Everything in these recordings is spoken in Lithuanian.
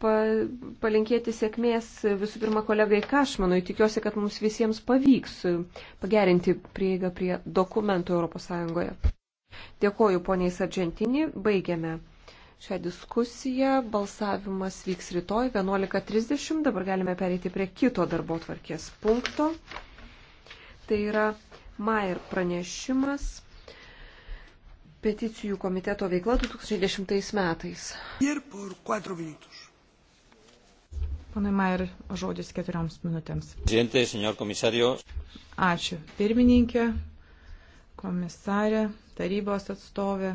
pa, palinkėti sėkmės visų pirma kolegai Kašmanui. Tikiuosi, kad mums visiems pavyks pagerinti prieigą prie dokumentų ES. Dėkoju poniai Sargentini, baigiame šią diskusiją. Balsavimas vyks rytoj 11.30, dabar galime pereiti prie kito darbo tvarkės punkto. Tai yra Maier pranešimas peticijų komiteto veikla 2010 metais. Ir por 4 minutus. Pana Mair, žodis keturioms minutėms. Ačiū. Pirmininkė, komisarė, tarybos atstovė.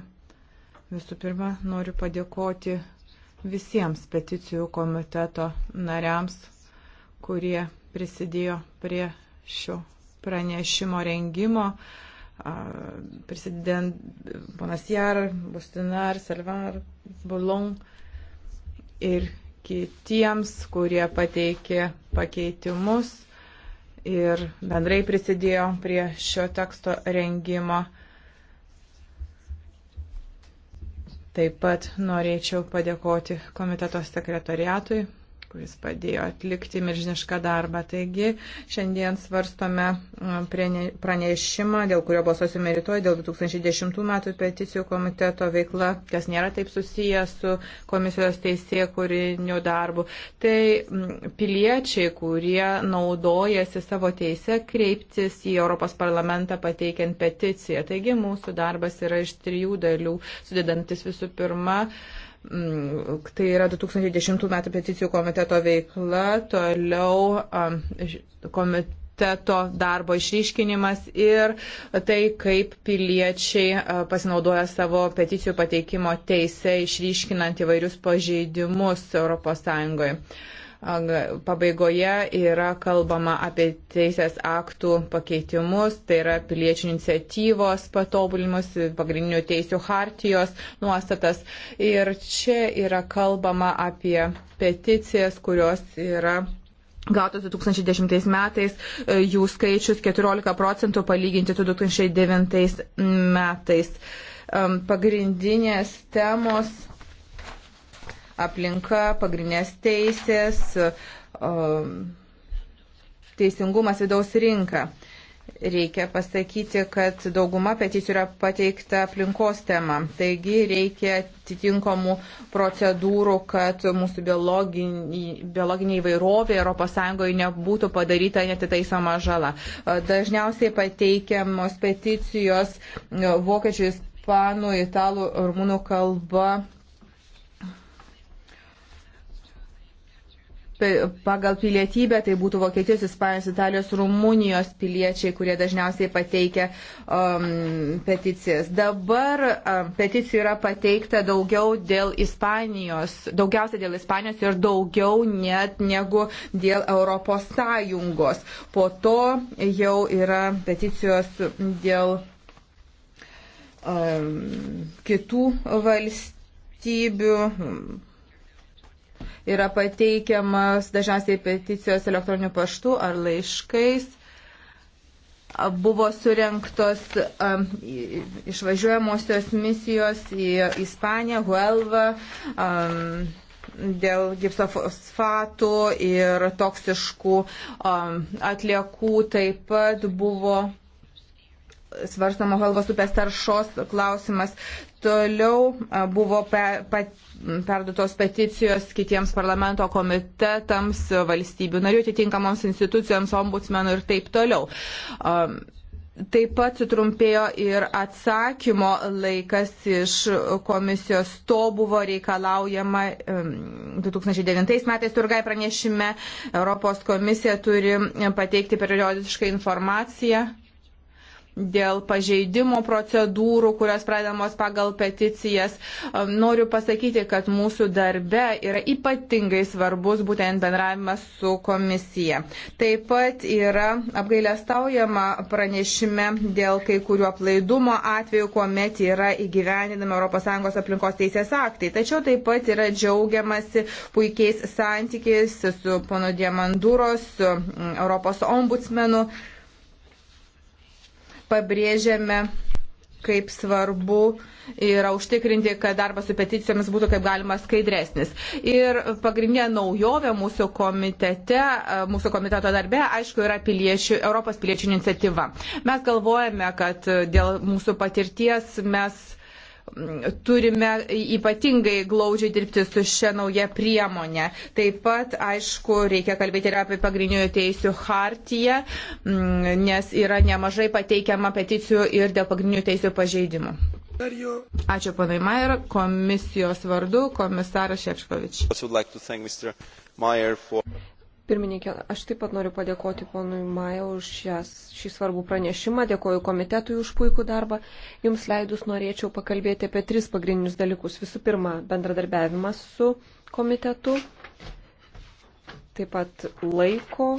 Visų pirma, noriu padėkoti visiems peticijų komiteto nariams, kurie prisidėjo prie šio pranešimo rengimo. Prisidedant ponas Jar, Bustinar, Salvar, Bulon ir kitiems, kurie pateikė pakeitimus ir bendrai prisidėjo prie šio teksto rengimo. Taip pat norėčiau padėkoti komiteto sekretariatui, kuris padėjo atlikti milžinišką darbą. Taigi šiandien svarstome pranešimą, dėl kurio balsuosime rytoj, dėl 2010 metų peticijų komiteto veikla, kas nėra taip susiję su komisijos teisė kūriniu darbu. Tai piliečiai, kurie naudojasi savo teisę kreiptis į Europos parlamentą pateikiant peticiją. Taigi mūsų darbas yra iš trijų dalių, sudėdantis visų pirma, Mm, tai yra 2010 metų peticijų komiteto veikla, toliau komiteto autoriteto darbo išryškinimas ir tai, kaip piliečiai pasinaudoja savo peticijų pateikimo teisę išryškinant įvairius pažeidimus ES. Pabaigoje yra kalbama apie teisės aktų pakeitimus, tai yra piliečių iniciatyvos patobulimus, pagrindinių teisių hartijos nuostatas. Ir čia yra kalbama apie peticijas, kurios yra gautos 2010 metais, e, jų skaičius 14 procentų palyginti 2009 metais. Pagrindinės temos aplinka, pagrindinės teisės, teisingumas vidaus rinka. Reikia pasakyti, kad dauguma peticijų yra pateikta aplinkos tema. Taigi reikia atitinkamų procedūrų, kad mūsų biologinė įvairovė ES nebūtų padaryta netitaisoma žala. Dažniausiai pateikiamos peticijos vokiečių, ispanų, italų, rumunų kalba pagal pilietybę, tai būtų Vokietijos, Ispanijos, Italijos, Rumunijos piliečiai, kurie dažniausiai pateikia um, peticijas. Dabar um, peticijų yra pateikta daugiau dėl Ispanijos, daugiausia dėl Ispanijos ir daugiau net negu dėl Europos Sąjungos. Po to jau yra peticijos dėl um, kitų valstybių yra pateikiamas dažniausiai peticijos elektroniniu paštu ar laiškais. Buvo surinktos um, išvažiuojamosios misijos į Ispaniją, Huelvą. Um, dėl gipsofosfatų ir toksiškų um, atliekų taip pat buvo svarstamo Halvos upės taršos klausimas. Toliau e, buvo pe, pe, perdutos peticijos kitiems parlamento komitetams, valstybių narių atitinkamoms institucijoms, ombudsmenų ir taip toliau. Um, Taip pat sutrumpėjo ir atsakymo laikas iš komisijos. To buvo reikalaujama 2009 metais turgai pranešime. Europos komisija turi pateikti periodiškai informaciją dėl pažeidimo procedūrų, kurios pradedamos pagal peticijas. Um, noriu pasakyti, kad mūsų darbe yra ypatingai svarbus būtent bendravimas su komisija. Taip pat yra apgailestaujama pranešime dėl kai kurių aplaidumo atveju, kuomet yra įgyvendinami ES aplinkos teisės aktai. Tačiau taip pat yra džiaugiamasi puikiais santykiais su pono Diamanduros, mm, Europos ombudsmenu pabrėžiame kaip svarbu yra užtikrinti, kad darbas su peticijomis būtų kaip galima skaidresnis. Ir pagrindinė naujovė mūsų komitete, mūsų komiteto darbe, aišku, yra piliečių, Europos piliečių iniciatyva. Mes galvojame, kad dėl mūsų patirties mes turime ypatingai glaudžiai dirbti su šia nauja priemonė. Taip pat, aišku, reikia kalbėti ir apie pagrindinių teisių hartiją, mm, nes yra nemažai pateikiama peticijų ir dėl pagrindinių teisių pažeidimų. Ačiū panai Maier, komisijos vardu komisaras Šepškovič. Pirmininkė, aš taip pat noriu padėkoti ponui Maja už šias, šį svarbų pranešimą, dėkoju komitetui už puikų darbą. Jums leidus norėčiau pakalbėti apie tris pagrindinius dalykus. Visų pirma, bendradarbiavimas su komitetu, taip pat laiko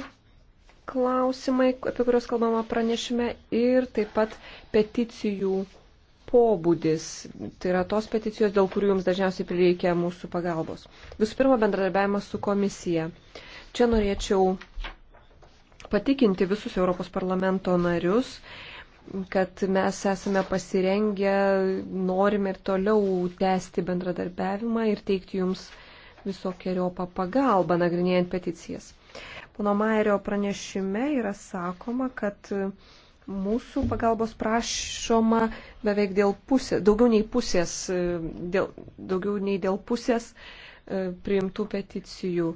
klausimai, apie kuriuos kalbama pranešime, ir taip pat peticijų pobūdis, tai yra tos peticijos, dėl kurių jums dažniausiai prireikia mūsų pagalbos. Visų pirma, bendradarbiavimas su komisija. Čia norėčiau patikinti visus Europos parlamento narius, kad mes esame pasirengę, norime ir toliau tęsti bendradarbiavimą ir teikti jums visokiojopą pagalbą nagrinėjant peticijas. Pono Mairio pranešime yra sakoma, kad mūsų pagalbos prašoma beveik dėl pusės, daugiau nei pusės, dėl, daugiau nei dėl pusės e, priimtų peticijų.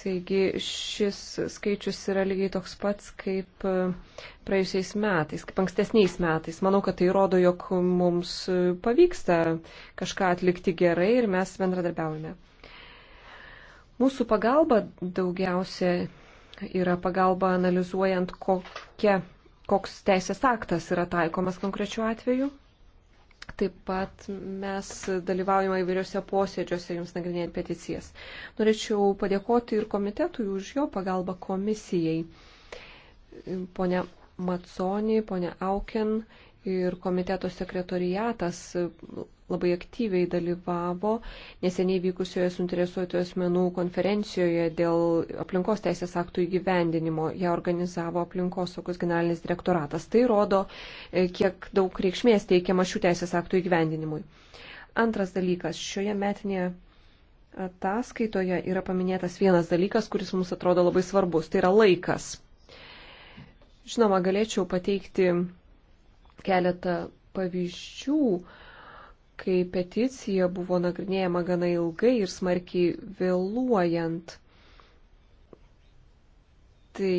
Taigi šis skaičius yra lygiai toks pats kaip e, praėjusiais metais, kaip ankstesniais metais. Manau, kad tai rodo, jog mums e, pavyksta kažką atlikti gerai ir mes bendradarbiaujame. Mūsų pagalba daugiausia yra pagalba analizuojant, kokia, koks teisės aktas yra taikomas konkrečiu atveju. Taip pat mes dalyvaujame įvairiose posėdžiuose jums nagrinėjant peticijas. Norėčiau padėkoti ir komitetui už jo pagalbą komisijai. Pone Matsoni, pone Auken ir komiteto sekretorijatas labai aktyviai dalyvavo neseniai vykusioje suinteresuotų asmenų konferencijoje dėl aplinkos teisės aktų įgyvendinimo. Ją organizavo aplinkosaugos generalinis direktoratas. Tai rodo, e, kiek daug reikšmės teikiama šių teisės aktų įgyvendinimui. Antras dalykas. Šioje metinėje ataskaitoje yra paminėtas vienas dalykas, kuris mums atrodo labai svarbus. Tai yra laikas. Žinoma, galėčiau pateikti keletą pavyzdžių, kai peticija buvo nagrinėjama gana ilgai ir smarkiai vėluojant. Tai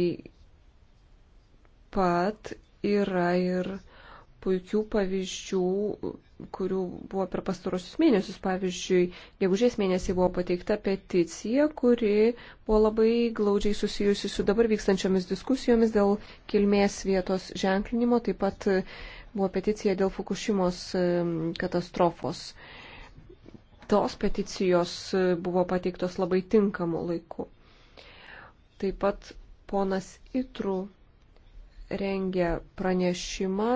pat yra ir puikių pavyzdžių, kurių buvo per pastarosius mėnesius. Pavyzdžiui, gegužės mėnesį buvo pateikta peticija, kuri buvo labai glaudžiai susijusi su dabar vykstančiomis diskusijomis dėl kilmės vietos ženklinimo, taip pat buvo peticija dėl Fukushimos e, katastrofos. Tos peticijos e, buvo pateiktos labai tinkamu laiku. Taip pat ponas Itru rengia pranešimą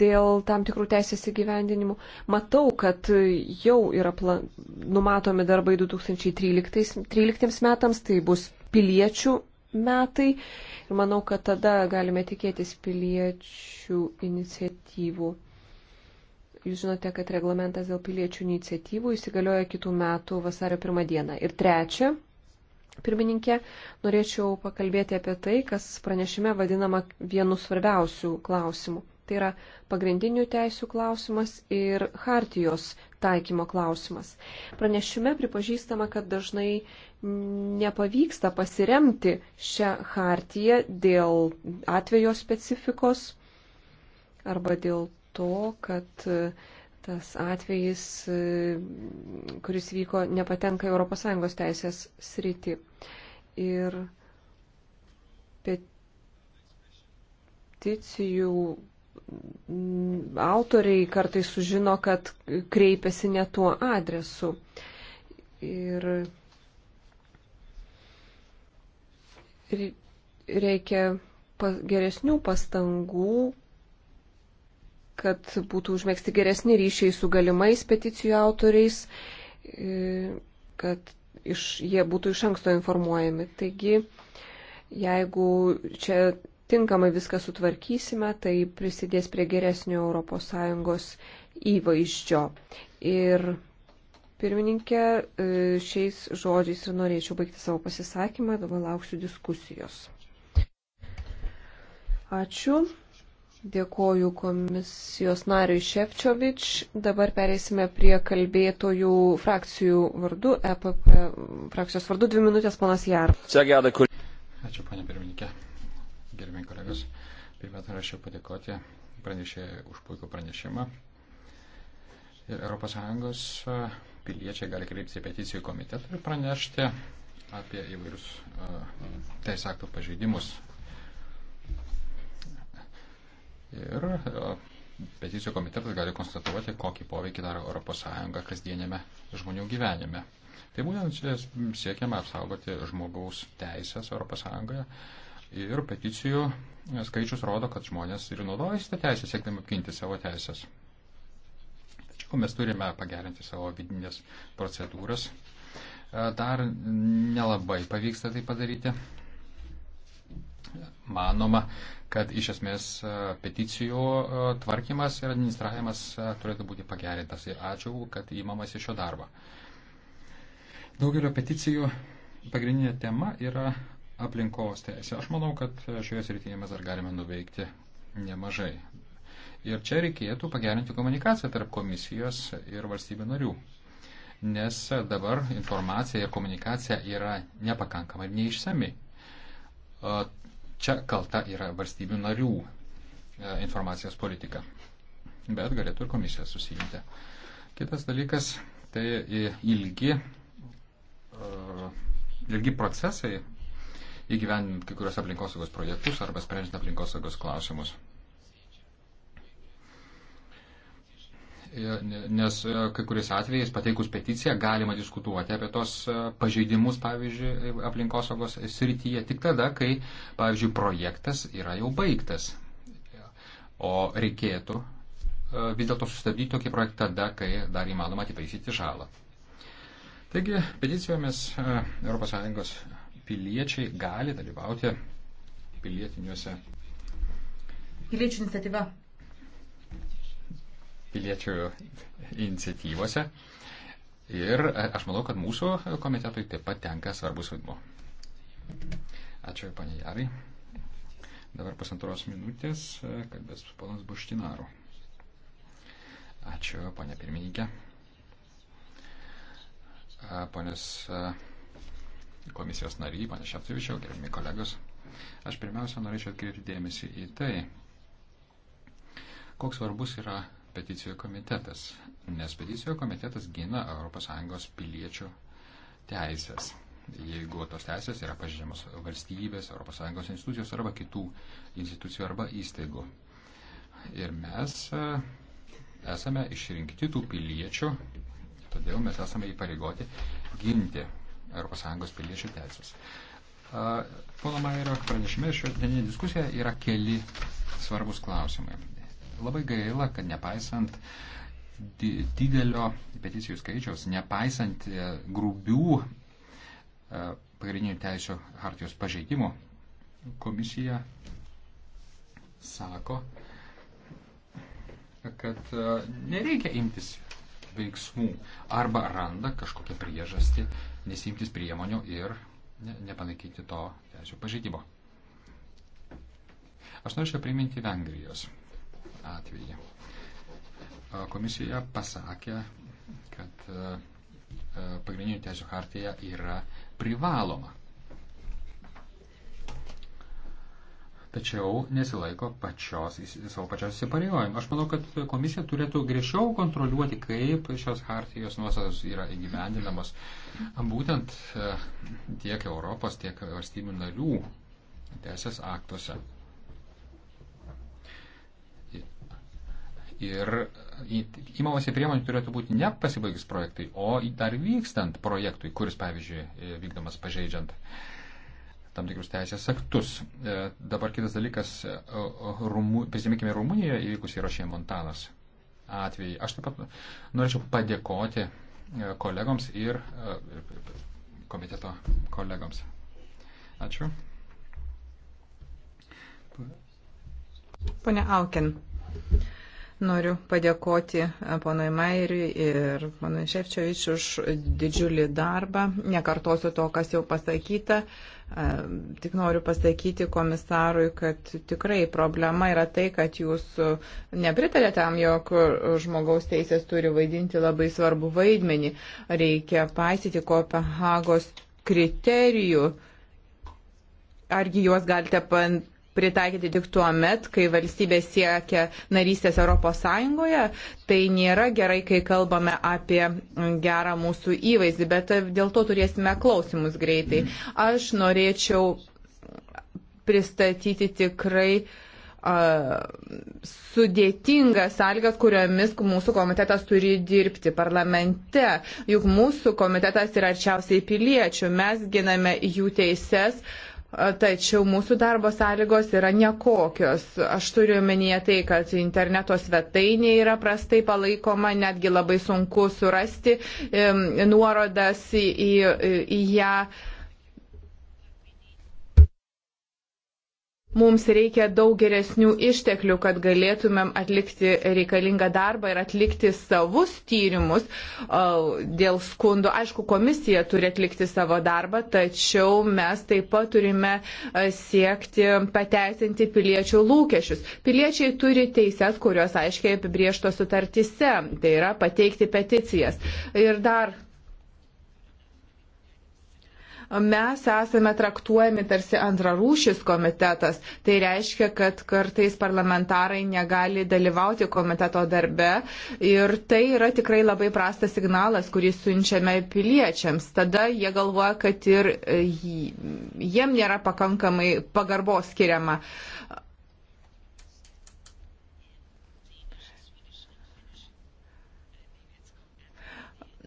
dėl tam tikrų teisės įgyvendinimų. Matau, kad jau yra plan... numatomi darbai 2013 13 metams, tai bus piliečių metai ir manau, kad tada galime tikėtis piliečių iniciatyvų. Jūs žinote, kad reglamentas dėl piliečių iniciatyvų įsigalioja kitų metų vasario pirmą dieną. Ir trečia, pirmininkė, norėčiau pakalbėti apie tai, kas pranešime vadinama vienu svarbiausių klausimų. Tai yra pagrindinių teisų klausimas ir hartijos taikymo klausimas. Pranešime pripažįstama, kad dažnai nepavyksta pasiremti šią hartiją dėl atvejo specifikos arba dėl to, kad e, tas atvejis, e, kuris vyko, nepatenka ES teisės sritį. Ir peticijų autoriai kartai sužino, kad kreipiasi ne tuo adresu. Ir reikia geresnių pastangų, kad būtų užmėgsti geresni ryšiai su galimais peticijų autoriais, e, kad iš, jie būtų iš anksto informuojami. Taigi, jeigu čia tinkamai viską sutvarkysime, tai prisidės prie geresnio ES įvaizdžio. Ir Pirmininkė, e, šiais žodžiais ir norėčiau baigti savo pasisakymą, dabar lauksiu diskusijos. Ačiū. Dėkoju komisijos nariui Ševčiovič. Dabar pereisime prie kalbėtojų frakcijų vardu, EPP frakcijos vardu, dvi minutės, panas Jar. Ačiū, panė pirmininkė. Gerbėjai kolegos, pirmiausia, norėčiau padėkoti pranešėjai už puikų pranešimą. Ir ES piliečiai gali kreiptis į peticijų komitetą ir pranešti apie įvairius e, teisės aktų pažeidimus. Ir e, peticijų komitetas gali konstatuoti, kokį poveikį daro ES kasdienėme žmonių gyvenime. Tai būtent siekiame apsaugoti žmogaus teisės ES ir peticijų e, skaičius rodo, kad žmonės ir naudojasi tą teisę, siekdami apginti savo teisės tikrųjų mes turime pagerinti savo vidinės procedūras. E, dar nelabai pavyksta tai padaryti. Manoma, kad iš esmės e, peticijų e, tvarkymas ir administravimas turėtų būti pagerintas. Ir ačiū, kad įmamas iš šio darbo. Daugelio peticijų pagrindinė tema yra aplinkos teisė. Aš manau, kad šioje srityje mes dar galime nuveikti nemažai. Ir čia reikėtų pagerinti komunikaciją tarp komisijos ir valstybių narių. Nes dabar informacija ir komunikacija yra nepakankama ir neišsami. Čia kalta yra valstybių narių e, informacijos politika. Bet galėtų ir komisija susijimti. Kitas dalykas - tai ilgi, e, ilgi procesai įgyvendinant kai kurios aplinkosaugos projektus arba sprendžiant aplinkosaugos klausimus. nes e, kai kuriais atvejais pateikus peticiją galima diskutuoti apie tos e, pažeidimus, pavyzdžiui, e, aplinkosaugos srityje tik tada, kai, pavyzdžiui, projektas yra jau baigtas. O reikėtų vis dėlto sustabdyti tokį projektą tada, kai dar įmanoma atitaisyti žalą. Taigi, peticijomis ES piliečiai gali dalyvauti pilietiniuose. Piliečių iniciatyva piliečių iniciatyvose. Ir e, aš manau, kad mūsų komitetui taip pat tenka svarbus vaidmo. Ačiū, panė Jarai. Dabar pusantros minutės, e, kalbės ponas Buštinaru. Ačiū, panė pirmininkė. E, Ponės komisijos nariai, panė Šepcevičiau, gerbimi kolegos. Aš pirmiausia norėčiau atkreipti dėmesį į tai, koks svarbus yra peticijų komitetas, nes peticijų komitetas gina ES piliečių teisės. Jeigu tos teisės yra pažydžiamos valstybės, ES institucijos arba kitų institucijų arba įstaigų. Ir mes e, esame išrinkti tų piliečių, todėl mes esame įpareigoti ginti ES piliečių teisės. E, pono Mairio pranešime šiandieninė diskusija yra keli svarbus klausimai. Labai gaila, kad nepaisant didelio peticijų skaičiaus, nepaisant e, grubių e, pagrindinių teisų hartijos pažeidimų, komisija sako, kad e, nereikia imtis veiksmų arba randa kažkokią priežastį nesimtis priemonių ir nepanaikinti to teisų pažeidimo. Aš norėčiau priminti Vengrijos atvejį. Komisija pasakė, kad e, e, pagrindinių teisų hartija yra privaloma. Tačiau nesilaiko pačios, savo pačios įsipareigojimų. Aš manau, kad komisija turėtų griežčiau kontroliuoti, kaip šios hartijos nuostatos yra įgyvendinamos būtent e, tiek Europos, tiek valstybių narių teisės aktuose. Ir įmamasi priemonių turėtų būti ne pasibaigus projektui, o dar vykstant projektui, kuris, pavyzdžiui, e, vykdomas pažeidžiant tam tikrus teisės aktus. E, dabar kitas dalykas, e, rumu, prisiminkime Rumunijoje įvykus įrašė Montanos atvejai. Aš taip pat norėčiau padėkoti kolegoms ir komiteto kolegoms. Ačiū. Pone Alken. Noriu padėkoti e, ponui Mairiui ir ponui Šefčiovič už didžiulį darbą. Nekartosiu to, kas jau pasakyta. E, Tik noriu pasakyti komisarui, kad tikrai problema yra tai, kad jūs nepritarė tam, jog žmogaus teisės turi vaidinti labai svarbu vaidmenį. Reikia paisyti Kopenhagos kriterijų argi juos galite pritaikyti tik tuo met, kai valstybė siekia narystės Europos Sąjungoje. Tai nėra gerai, kai kalbame apie gerą mūsų įvaizdį, bet dėl to turėsime klausimus greitai. Aš norėčiau pristatyti tikrai uh, sudėtingas sąlygas, kuriomis mūsų komitetas turi dirbti parlamente. Juk mūsų komitetas yra arčiausiai piliečių, mes giname jų teises, uh, tačiau mūsų darbo sąlygos yra nekokios. Aš turiu omenyje tai, kad interneto svetainė yra prastai palaikoma, netgi labai sunku surasti nuorodas į, į, į ją. Ja Mums reikia daug geresnių išteklių, kad galėtumėm atlikti reikalingą darbą ir atlikti savus tyrimus dėl skundų. Aišku, komisija turi atlikti savo darbą, tačiau mes taip pat turime siekti pateisinti piliečių lūkesčius. Piliečiai turi teises, kurios aiškiai apibrieštos sutartise, tai yra pateikti peticijas. Ir dar mes esame traktuojami tarsi antrarūšis komitetas. Tai reiškia, kad kartais parlamentarai negali dalyvauti komiteto darbe ir tai yra tikrai labai prastas signalas, kurį siunčiame piliečiams. Tada jie galvoja, kad ir e, jiem nėra pakankamai pagarbos skiriama.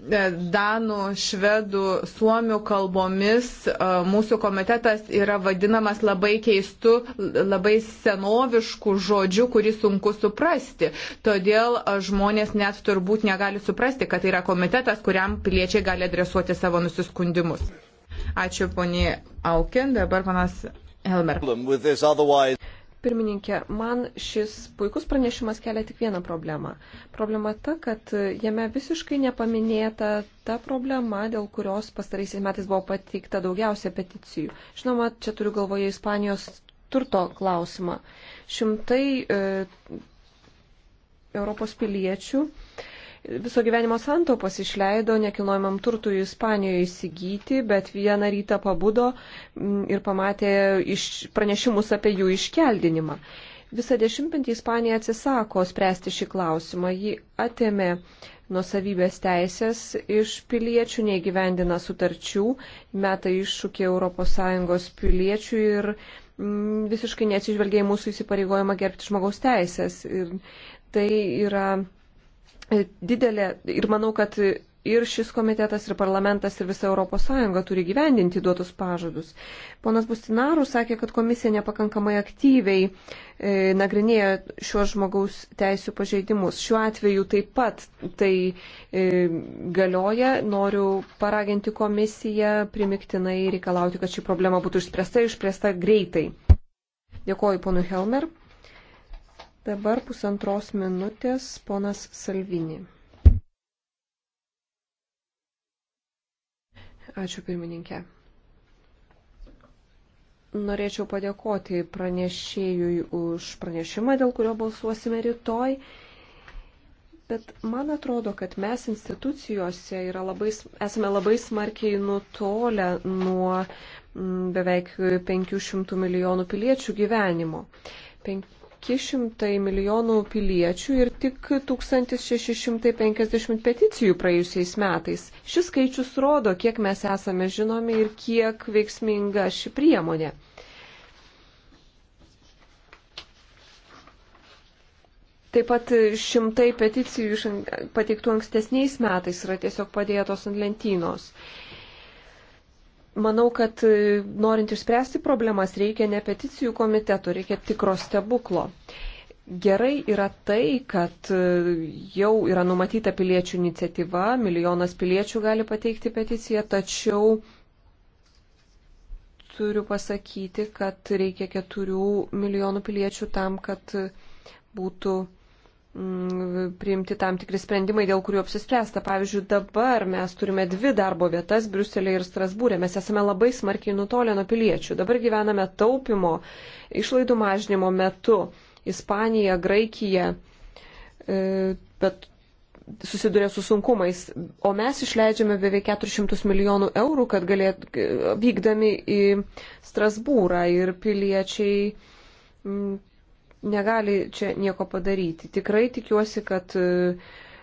E, danų, švedų, suomių kalbomis e, mūsų komitetas yra vadinamas labai keistu, labai senovišku žodžiu, kurį sunku suprasti. Todėl e, žmonės net turbūt negali suprasti, kad tai yra komitetas, kuriam piliečiai gali adresuoti savo nusiskundimus. Ačiū poniai Aukin, dabar panas Helmer. Pirmininkė, man šis puikus pranešimas kelia tik vieną problemą. Problema ta, kad jame visiškai nepaminėta ta problema, dėl kurios pastaraisiais metais buvo pateikta daugiausia peticijų. Žinoma, čia turiu galvoje Ispanijos turto klausimą. Šimtai e, Europos piliečių viso gyvenimo santaupos išleido nekilnojamam turtui Ispanijoje įsigyti, bet vieną rytą pabudo mm, ir pamatė iš pranešimus apie jų iškeldinimą. Visą dešimtmetį Ispanija atsisako spręsti šį klausimą. Ji atėmė nusavybės teisės iš piliečių, neįgyvendina sutarčių, meta iššūkį ES piliečių ir mm, visiškai neatsižvelgia į mūsų įsipareigojimą gerbti žmogaus teisės. Ir tai yra didelė ir manau, kad ir šis komitetas, ir parlamentas, ir visa ES turi gyvendinti duotus pažadus. Ponas Bustinarų sakė, kad komisija nepakankamai aktyviai e, nagrinėjo šios žmogaus teisų pažeidimus. Šiuo atveju taip pat tai e, galioja. Noriu paraginti komisiją primiktinai reikalauti, kad ši problema būtų išspręsta ir išspręsta greitai. Dėkoju ponui Helmer. Dabar pusantros minutės ponas Salvini. Ačiū pirmininkė. Norėčiau padėkoti pranešėjui už pranešimą, dėl kurio balsuosime rytoj. Bet man atrodo, kad mes institucijose labai, esame labai smarkiai nutolę nuo beveik 500 milijonų piliečių gyvenimo. 5 500 milijonų piliečių ir tik 1650 peticijų praėjusiais metais. Šis skaičius rodo, kiek mes esame žinomi ir kiek veiksminga ši priemonė. Taip pat šimtai peticijų pateiktų ankstesniais metais yra tiesiog padėtos ant lentynos. Uh, manau, kad e, norint išspręsti problemas reikia ne peticijų komitetų, reikia tikro stebuklo. Gerai yra tai, kad e, jau yra numatyta piliečių iniciatyva, milijonas piliečių gali pateikti peticiją, tačiau turiu pasakyti, kad reikia keturių milijonų piliečių tam, kad e, būtų Mm, priimti tam tikri sprendimai, dėl kurių apsispręsta. Pavyzdžiui, dabar mes turime dvi darbo vietas - Briuselėje ir Strasbūrė. Mes esame labai smarkiai nutolę nuo piliečių. Dabar gyvename taupimo, išlaidų mažinimo metu. Ispanija, Graikija, e, bet susiduria su sunkumais, o mes išleidžiame beveik 400 milijonų eurų, kad galėt vykdami į Strasbūrą ir piliečiai mm, negali čia nieko padaryti. Tikrai tikiuosi, kad e,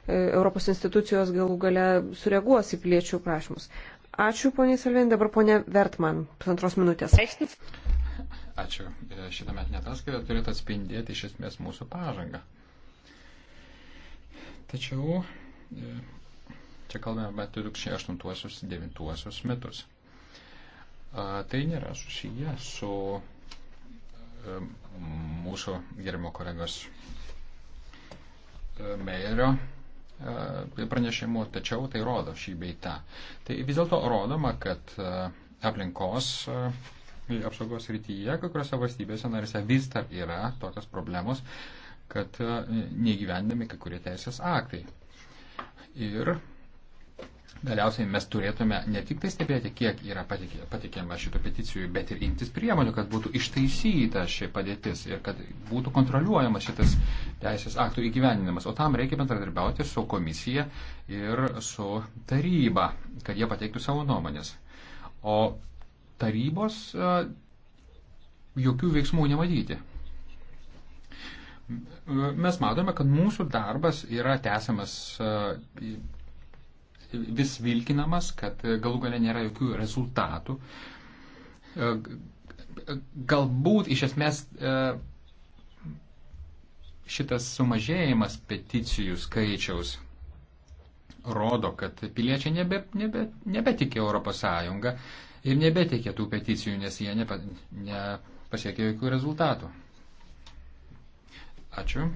e, Europos institucijos galų gale sureaguos į piliečių prašymus. Ačiū, ponė Salvin, dabar ponė Vertman, pusantros minutės. Ačiū. E, šitą metinę ataskaitą turėtų atspindėti iš esmės mūsų pažangą. Tačiau čia kalbame apie 2008-2009 metus. Tai nėra susiję su mūsų gerimo kolegos e, Meirio e, pranešimu, tačiau tai rodo šį beitą. Tai vis dėlto rodoma, kad e, aplinkos apsaugos rytyje, kai kuriuose valstybėse narise vis dar yra tokios problemos, kad neįgyvendami kai kurie teisės aktai. Ir Galiausiai mes turėtume ne tik tai stebėti, kiek yra pateikiama šitų peticijų, bet ir imtis priemonių, kad būtų ištaisyta ši padėtis ir kad būtų kontroliuojamas šitas teisės aktų įgyveninimas. O tam reikia bendradarbiauti su komisija ir su taryba, kad jie pateiktų savo nuomonės. O tarybos jokių veiksmų nematyti. Mes matome, kad mūsų darbas yra tęsiamas vis vilkinamas, kad e, galų gale nėra jokių rezultatų. E, galbūt iš esmės e, šitas sumažėjimas peticijų skaičiaus rodo, kad piliečiai nebe, nebe, nebetikė Europos Sąjungą ir nebetikė tų peticijų, nes jie nepa, nepasiekė jokių rezultatų. Ačiū.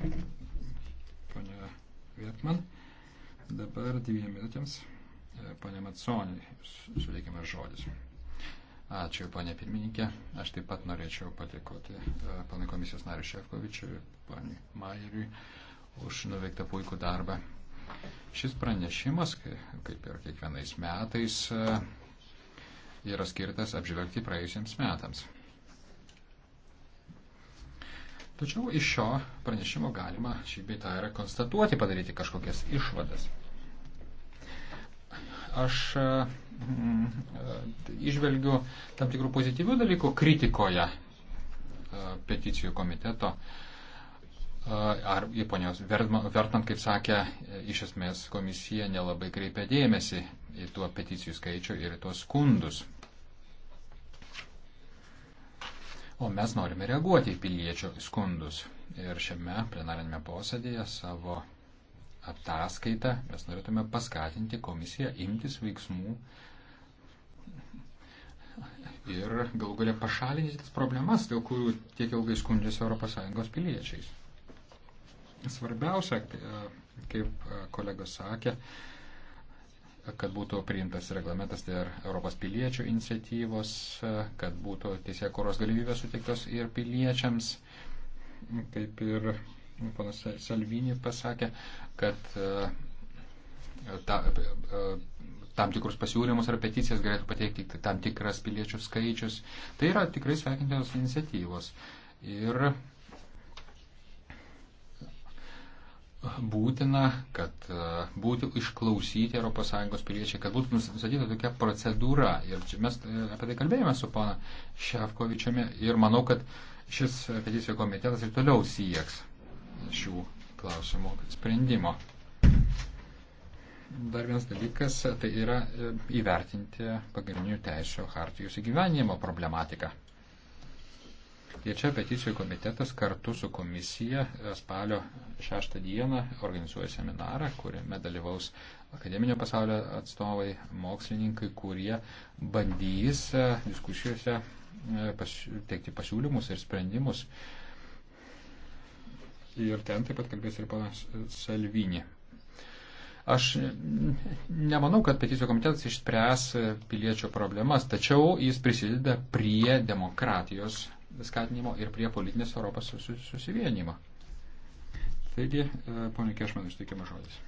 Pone Vietman. Dabar dviem minutėms, e, ponė Matsonė, suteikime žodis. Ačiū, ponė pirmininkė. Aš taip pat norėčiau padėkoti e, ponai komisijos nariu Šefkovičiui, ponai Majeriui už nuveiktą puikų darbą. Šis pranešimas, kaip ir kiekvienais metais, e, yra skirtas apžvelgti praėjusiems metams. Tačiau iš šio pranešimo galima šį beitą yra konstatuoti, padaryti kažkokias išvadas aš e, e, išvelgiu tam tikrų pozityvių dalykų kritikoje e, peticijų komiteto. Ar į ponios vertant, kaip sakė, iš esmės komisija nelabai kreipia dėmesį į tuo peticijų skaičių ir į tuos skundus. O mes norime reaguoti į piliečių skundus. Ir šiame plenarinėme posėdėje savo ataskaitą mes norėtume paskatinti komisiją imtis veiksmų ir galų galę pašalinti tas problemas, dėl kurių tiek ilgai skundžiasi ES piliečiais. Svarbiausia, e, kaip e, kolegos sakė, kad būtų priimtas reglamentas dėl Europos piliečių iniciatyvos, e, kad būtų teisėkuros galimybės suteiktos ir piliečiams, kaip ir Nu, panas Salvini pasakė, kad e, ta, e, e, tam tikrus pasiūlymus ar peticijas galėtų pateikti tam tikras piliečių skaičius. Tai yra tikrai sveikintinos iniciatyvos. Ir būtina, kad būtų išklausyti ES piliečiai, kad būtų nustatyta tokia procedūra. Ir mes apie tai kalbėjome su pana Šefkovičiumi ir manau, kad šis peticijų komitetas ir toliau sieks šių klausimų sprendimo. Dar vienas dalykas tai yra e, įvertinti pagrindinių teisų hartijos įgyvenimo problematiką. Ir čia peticijų komitetas kartu su komisija e, spalio 6 dieną organizuoja seminarą, kuriame dalyvaus akademinio pasaulio atstovai, mokslininkai, kurie bandys e, diskusijose teikti pasiūlymus ir sprendimus, ir ten taip pat kalbės ir panas Salvini. Aš nemanau, kad peticijų komitetas išspręs piliečių problemas, tačiau jis prisideda prie demokratijos skatinimo ir prie politinės Europos susivienimo. Taigi, e, ponė Kešmanai, suteikiamas žodis.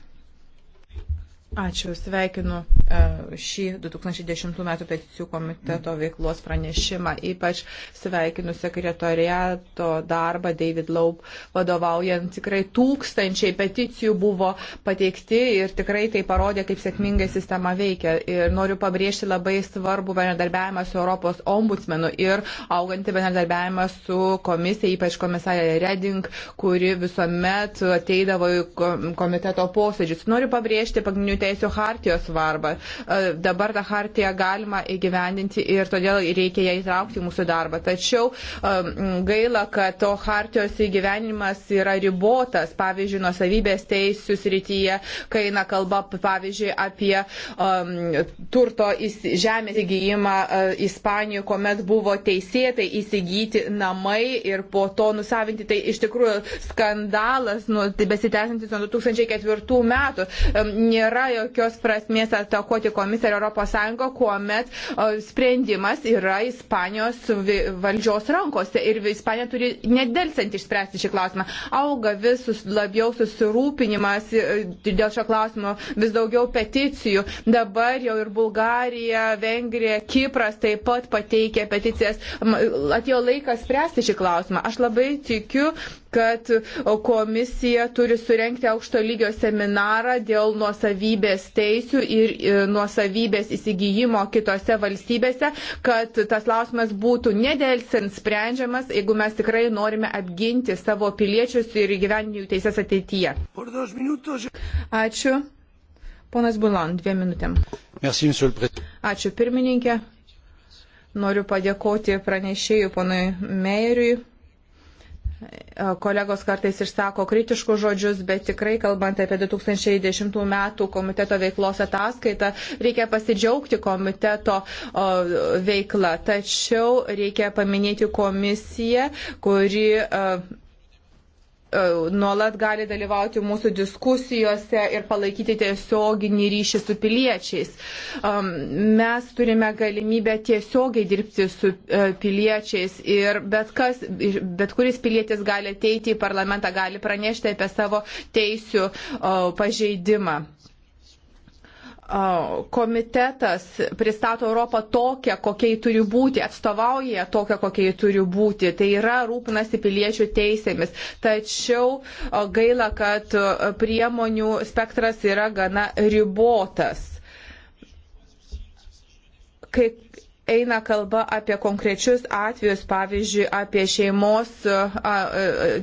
Ačiū, sveikinu e, šį 2010 metų peticijų komiteto veiklos pranešimą. Ypač sveikinu sekretoriato darbą David Laub vadovaujant. Tikrai tūkstančiai peticijų buvo pateikti ir tikrai tai parodė, kaip sėkmingai sistema veikia. Ir noriu pabrėžti labai svarbų bendradarbiavimą su Europos ombudsmenu ir augantį bendradarbiavimą su komisija, ypač komisarė Reding, kuri visuomet ateidavo į komiteto posėdžius. Noriu pabrėžti pagrindinių teisų hartijos svarbą. E, dabar tą hartiją galima įgyvendinti ir todėl reikia ją įtraukti į mūsų darbą. Tačiau e, gaila, kad to hartijos įgyvenimas yra ribotas, pavyzdžiui, nuosavybės teisų srityje, kai eina kalba, pavyzdžiui, apie um, turto žemės įgyjimą uh, Ispanijoje, kuomet buvo teisėtai įsigyti namai ir po to nusavinti. Tai iš tikrųjų skandalas, nu, tai besitęsantis nuo 2004 metų, um, nėra jokios prasmės atakuoti komisiją ir ES, kuomet e, sprendimas yra Ispanijos valdžios rankose ir Ispanija turi nedelsiant išspręsti šį klausimą. Auga vis labiau susirūpinimas e, dėl šio klausimo, vis daugiau peticijų. Dabar jau ir Bulgarija, Vengrija, Kipras taip pat pateikė peticijas. Atėjo laikas spręsti šį klausimą. Aš labai tikiu kad komisija turi surenkti aukšto lygio seminarą dėl nuosavybės teisių ir e, nuosavybės įsigijimo kitose valstybėse, kad tas klausimas būtų nedėlsint sprendžiamas, jeigu mes tikrai norime apginti savo piliečius ir gyvenimų teises ateityje. Ačiū. Ponas Bulan, dviem minutėm. Merci, Ačiū pirmininkė. Noriu padėkoti pranešėjų ponui Meiriui kolegos kartais išsako kritiškus žodžius, bet tikrai kalbant apie 2010 metų komiteto veiklos ataskaitą, reikia pasidžiaugti komiteto veiklą. Tačiau reikia paminėti komisiją, kuri E, nuolat gali dalyvauti mūsų diskusijose ir palaikyti tiesioginį ryšį su piliečiais. Mes turime galimybę tiesiogiai dirbti su e, piliečiais ir bet, kas, bet kuris pilietis gali ateiti į parlamentą, gali pranešti apie savo teisių e, pažeidimą komitetas pristato Europą tokią, kokia ji turi būti, atstovauja tokią, kokia ji turi būti. Tai yra rūpinasi piliečių teisėmis. Tačiau gaila, kad priemonių spektras yra gana ribotas. Kai eina kalba apie konkrečius atvejus, pavyzdžiui, apie šeimos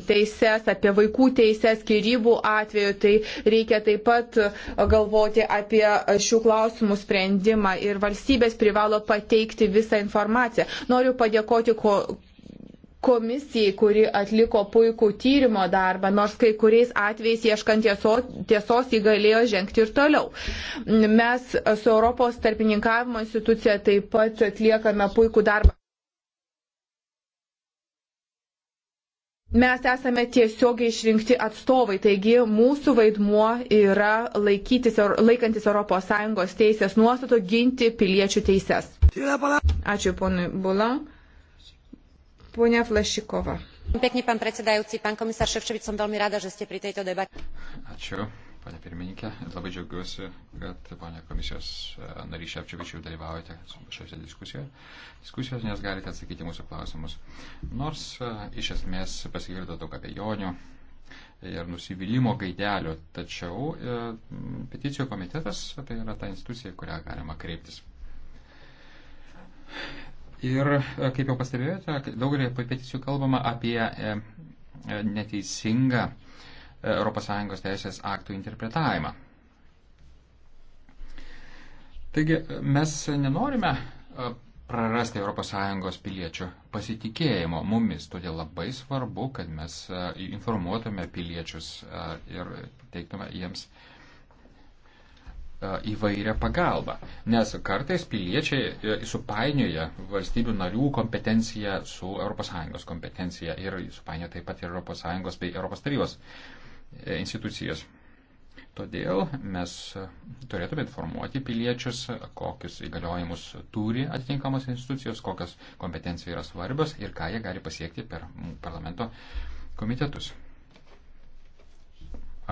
teises, apie vaikų teises, skirybų atveju, tai reikia taip pat galvoti apie šių klausimų sprendimą ir valstybės privalo pateikti visą informaciją. Noriu padėkoti komisijai, kuri atliko puikų tyrimo darbą, nors kai kuriais atvejais ieškant tiesos, tiesos jį galėjo žengti ir toliau. Mes su Europos tarpininkavimo institucija taip pat atliekame puikų darbą. Mes esame tiesiogiai išrinkti atstovai, taigi mūsų vaidmuo yra laikytis, laikantis ES teisės nuostato ginti piliečių teises. Ačiū ponui Bulam. Pone Flašikova. Pekne, pán predsedajúci, pán komisár Ševčevič, som veľmi rada, že ste pri tejto debate. Ačiū, pane pirmininkė. Labai džiaugiuosi, kad pane komisijos narys Ševčevičiu dalyvaujate šiose diskusijoje. Diskusijos, nes galite atsakyti mūsų klausimus. Nors eh, iš esmės pasigirdo daug abejonių, ir nusivylimų gaidelių, tačiau e, eh, peticijų komitetas tai yra ta institucija, kurią galima kreiptis. Ir e, kaip jau pastebėjote, daugelį peticijų kalbama apie e, e, neteisingą ES teisės aktų interpretavimą. Taigi mes nenorime prarasti ES piliečių pasitikėjimo mumis, todėl labai svarbu, kad mes informuotume piliečius ir teiktume jiems uh, E, įvairią pagalbą, nes kartais piliečiai e, supainioja valstybių narių kompetenciją su ES kompetencija ir supainioja taip pat ir ES bei ES tarybos e, institucijas. Todėl mes turėtume informuoti piliečius, kokius įgaliojimus turi atitinkamos institucijos, kokios kompetencijos yra svarbios ir ką jie gali pasiekti per parlamento komitetus.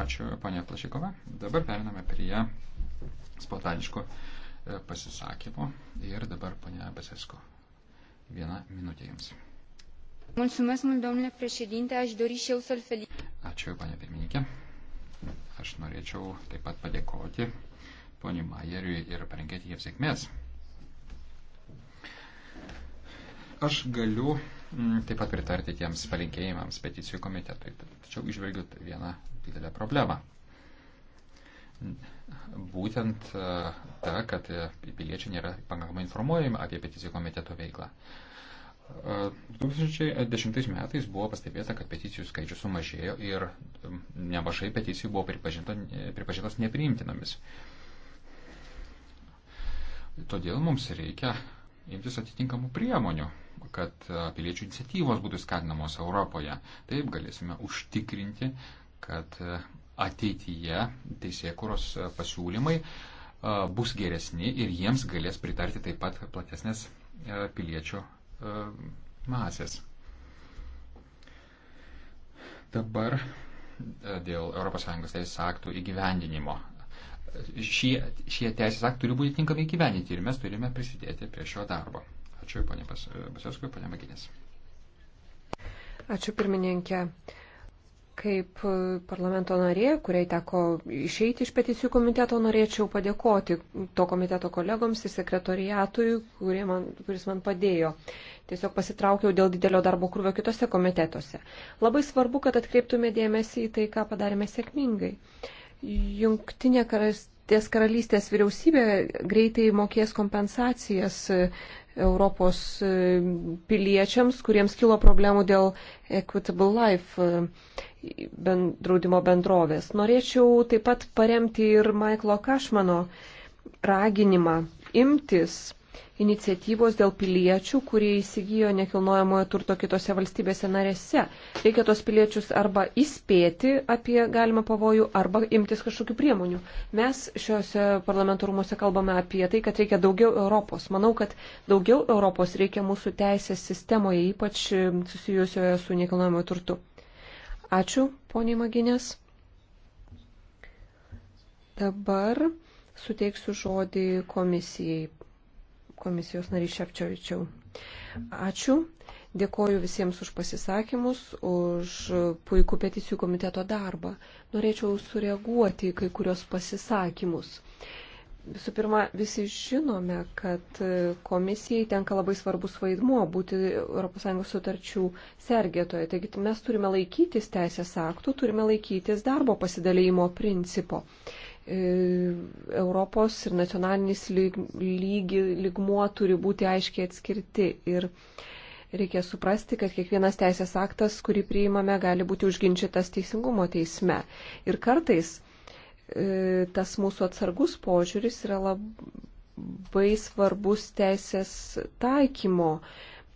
Ačiū, ponia Plašikova. Dabar periname prie spontaniško e, pasisakymo. Ir dabar ponia Basesko. Viena minutė jums. Mulțumesc mult, domnule președinte, aș dori și eu să-l felicit. Ačiū, panė pirmininkė. Aš norėčiau taip pat padėkoti poniai Majeriui ir palinkėti jiems sėkmės. Aš galiu mm, taip pat pritarti tiems palinkėjimams peticijų komitetui, tačiau išvelgiu vieną didelę problemą būtent e, ta, kad e, piliečiai nėra pakankamai informuojami apie peticijų komiteto veiklą. 2010 e, metais buvo pastebėta, kad peticijų skaičius sumažėjo ir nemažai peticijų buvo pripažintos nepriimtinomis. Todėl mums reikia imtis atitinkamų priemonių, kad piliečių iniciatyvos būtų skatinamos Europoje. Taip galėsime užtikrinti, kad ateityje teisėkuros e, pasiūlymai e, bus geresni ir jiems galės pritarti taip pat platesnės e, piliečių masės. Dabar dėl ES teisės aktų įgyvendinimo. Šie, šie teisės aktai turi būti tinkamai įgyvendinti ir mes turime prisidėti prie šio darbo. Ačiū, ponė Pasieskui, ponė Maginės. Ačiū, pirmininkė. Uh, Kaip e, parlamento narė, kuriai teko išeiti iš peticijų komiteto, norėčiau padėkoti to komiteto kolegoms ir sekretoriatui, man, kuris man padėjo. Tiesiog pasitraukiau dėl didelio darbo krūvio kitose komitetuose. Labai svarbu, kad atkreiptume dėmesį į tai, ką padarėme sėkmingai. Jungtinė karastės karalystės vyriausybė greitai mokės kompensacijas Europos e, piliečiams, kuriems kilo problemų dėl Equitable Life e, draudimo bendrovės. Norėčiau taip pat paremti ir Michaelo Kašmano raginimą imtis iniciatyvos dėl piliečių, kurie įsigijo nekilnojamojo turto kitose valstybėse narėse. Reikia tos piliečius arba įspėti apie galimą pavojų, arba imtis kažkokių priemonių. Mes šiuose parlamento rūmose kalbame apie tai, kad reikia daugiau Europos. Manau, kad daugiau Europos reikia mūsų teisės sistemoje, ypač susijusioje su nekilnojamojo turtu. Ačiū, poniai Maginės. Dabar suteiksiu žodį komisijai komisijos narys Šepčiovičiau. Ačiū. Dėkoju visiems už pasisakymus, už puikų peticijų komiteto darbą. Norėčiau sureaguoti į kai kurios pasisakymus. Visų pirma, visi žinome, kad komisijai tenka labai svarbus vaidmuo būti ES sutarčių sergėtoje. Taigi mes turime laikytis teisės aktų, turime laikytis darbo pasidalėjimo principo. Uh, E, Europos ir nacionalinis lygi, lygmuo turi būti aiškiai atskirti. Ir reikia suprasti, kad kiekvienas teisės aktas, kurį priimame, gali būti užginčytas teisingumo teisme. Ir kartais e, tas mūsų atsargus požiūris yra labai svarbus teisės taikymo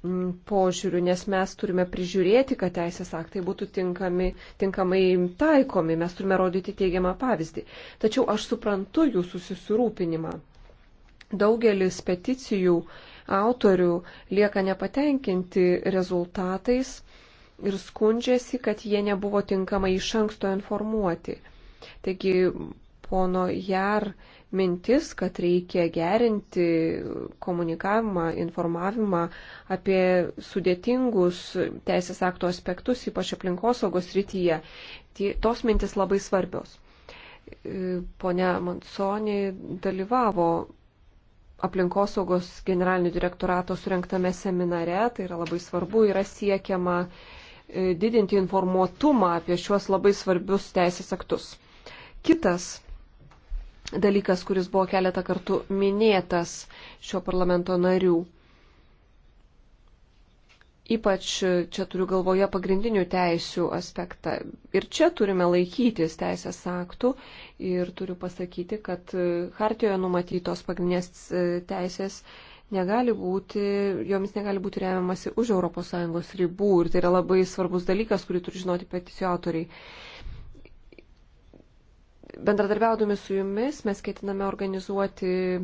Mm, požiūrių, nes mes turime prižiūrėti, kad teisės aktai būtų tinkami, tinkamai taikomi, mes turime rodyti teigiamą pavyzdį. Tačiau aš suprantu jūsų susirūpinimą. Daugelis peticijų autorių lieka nepatenkinti rezultatais ir skundžiasi, kad jie nebuvo tinkamai iš anksto informuoti. Taigi, pono Jar mintis, kad reikia gerinti komunikavimą, informavimą apie sudėtingus teisės aktų aspektus, ypač aplinkosaugos rytyje. Tos mintis labai svarbios. E, Pone Mansonė dalyvavo aplinkosaugos generalinio direktorato surinktame seminare, tai yra labai svarbu, yra siekiama e, didinti informuotumą apie šiuos labai svarbius teisės aktus. Kitas dalykas, kuris buvo keletą kartų minėtas šio parlamento narių. Ypač čia turiu galvoje pagrindinių teisių aspektą. Ir čia turime laikytis teisės aktų ir turiu pasakyti, kad hartijoje numatytos pagrindinės e, teisės negali būti, jomis negali būti remiamasi už ES ribų ir tai yra labai svarbus dalykas, kurį turi žinoti peticijų autoriai bendradarbiaudami su jumis mes ketiname organizuoti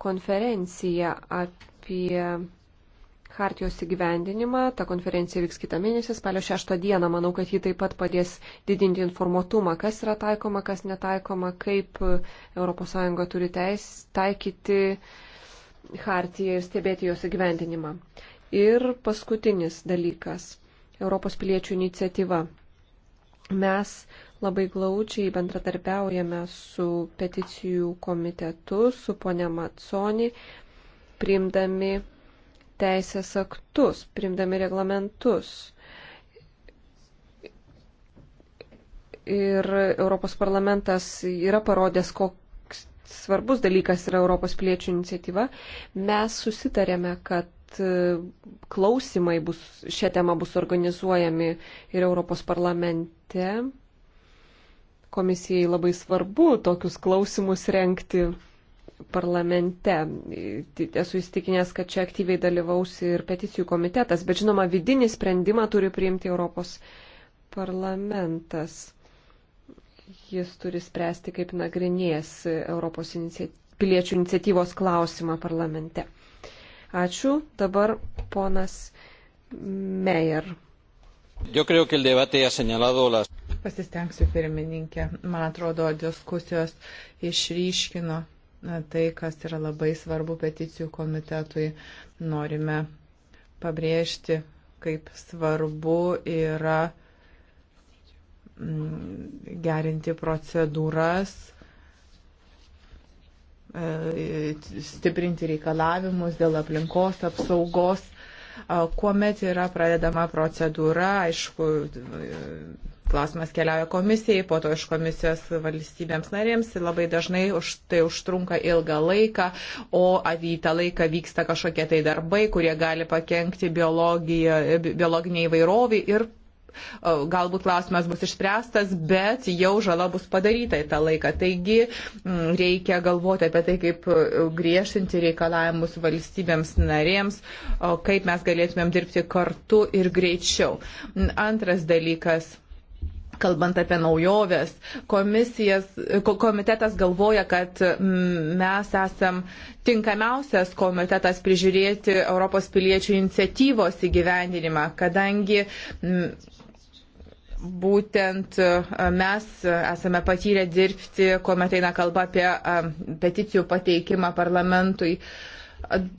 konferenciją apie Hartijos įgyvendinimą. Ta konferencija vyks kitą mėnesį, spalio 6 dieną. Manau, kad ji taip pat padės didinti informuotumą, kas yra taikoma, kas netaikoma, kaip ES turi teis taikyti Hartiją ir stebėti jos įgyvendinimą. Ir paskutinis dalykas - Europos piliečių iniciatyva. Mes Labai glaučiai bendradarbiaujame su peticijų komitetu, su ponia Matsoni, priimdami teisės aktus, priimdami reglamentus. Ir Europos parlamentas yra parodęs, koks svarbus dalykas yra Europos piliečių iniciatyva. Mes susitarėme, kad e, klausimai bus, šią temą bus organizuojami ir Europos parlamente komisijai labai svarbu tokius klausimus renkti parlamente. Esu įstikinęs, kad čia aktyviai dalyvaus ir peticijų komitetas, bet žinoma, vidinį sprendimą turi priimti Europos parlamentas. Jis turi spręsti, kaip nagrinės Europos inicia... piliečių iniciatyvos klausimą parlamente. Ačiū. Dabar ponas Meyer. Yo creo que el debate ha señalado las. Pasistengsiu pirmininkę. Man atrodo, diskusijos išryškino tai, kas yra labai svarbu peticijų komitetui. Norime pabrėžti, kaip svarbu yra mm, gerinti procedūras, e, stiprinti reikalavimus dėl aplinkos apsaugos kuomet yra pradedama procedūra, aišku, Klausimas keliauja komisijai, po to iš komisijos valstybėms narėms ir labai dažnai už, tai užtrunka ilgą laiką, o į tą laiką vyksta kažkokie tai darbai, kurie gali pakengti biologiniai įvairoviai ir galbūt klausimas bus išspręstas, bet jau žala bus padaryta į tą laiką. Taigi reikia galvoti apie tai, kaip griežtinti reikalavimus valstybėms narėms, kaip mes galėtumėm dirbti kartu ir greičiau. Antras dalykas kalbant apie naujoves, komisijas, komitetas galvoja, kad mes esam tinkamiausias komitetas prižiūrėti Europos piliečių iniciatyvos įgyvendinimą, kadangi būtent mes esame patyrę dirbti, kuomet eina kalba apie peticijų pateikimą parlamentui. Uh,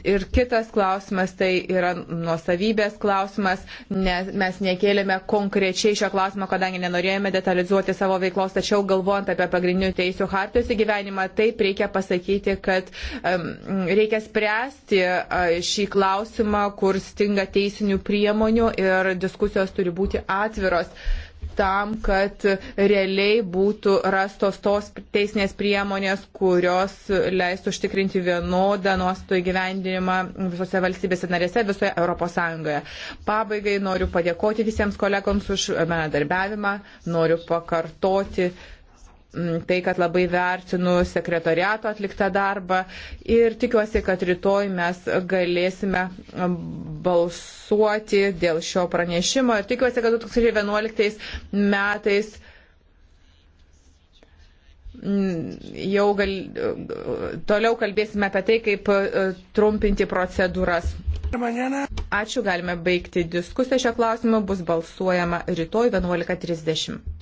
Ir kitas klausimas tai yra nuosavybės klausimas, nes mes nekėlėme konkrečiai šio klausimo, kadangi nenorėjome detalizuoti savo veiklos, tačiau galvojant apie pagrindinių teisų hartijos įgyvenimą, taip reikia pasakyti, kad um, reikia spręsti uh, šį klausimą, kur stinga teisinių priemonių ir diskusijos turi būti atviros. Uh, tam, kad realiai būtų rastos tos teisinės priemonės, kurios leistų užtikrinti vienodą nuostatų įgyvendinimą visose valstybėse narėse, visoje Europos Sąjungoje. Pabaigai noriu padėkoti visiems kolegoms už bendradarbiavimą, noriu pakartoti tai, kad labai vertinu sekretoriato atliktą darbą ir tikiuosi, kad rytoj mes galėsime balsuoti dėl šio pranešimo ir tikiuosi, kad 2011 metais jau gal, toliau kalbėsime apie tai, kaip e, trumpinti procedūras. Ačiū, galime baigti diskusiją šio klausimu, bus balsuojama rytoj 11.30.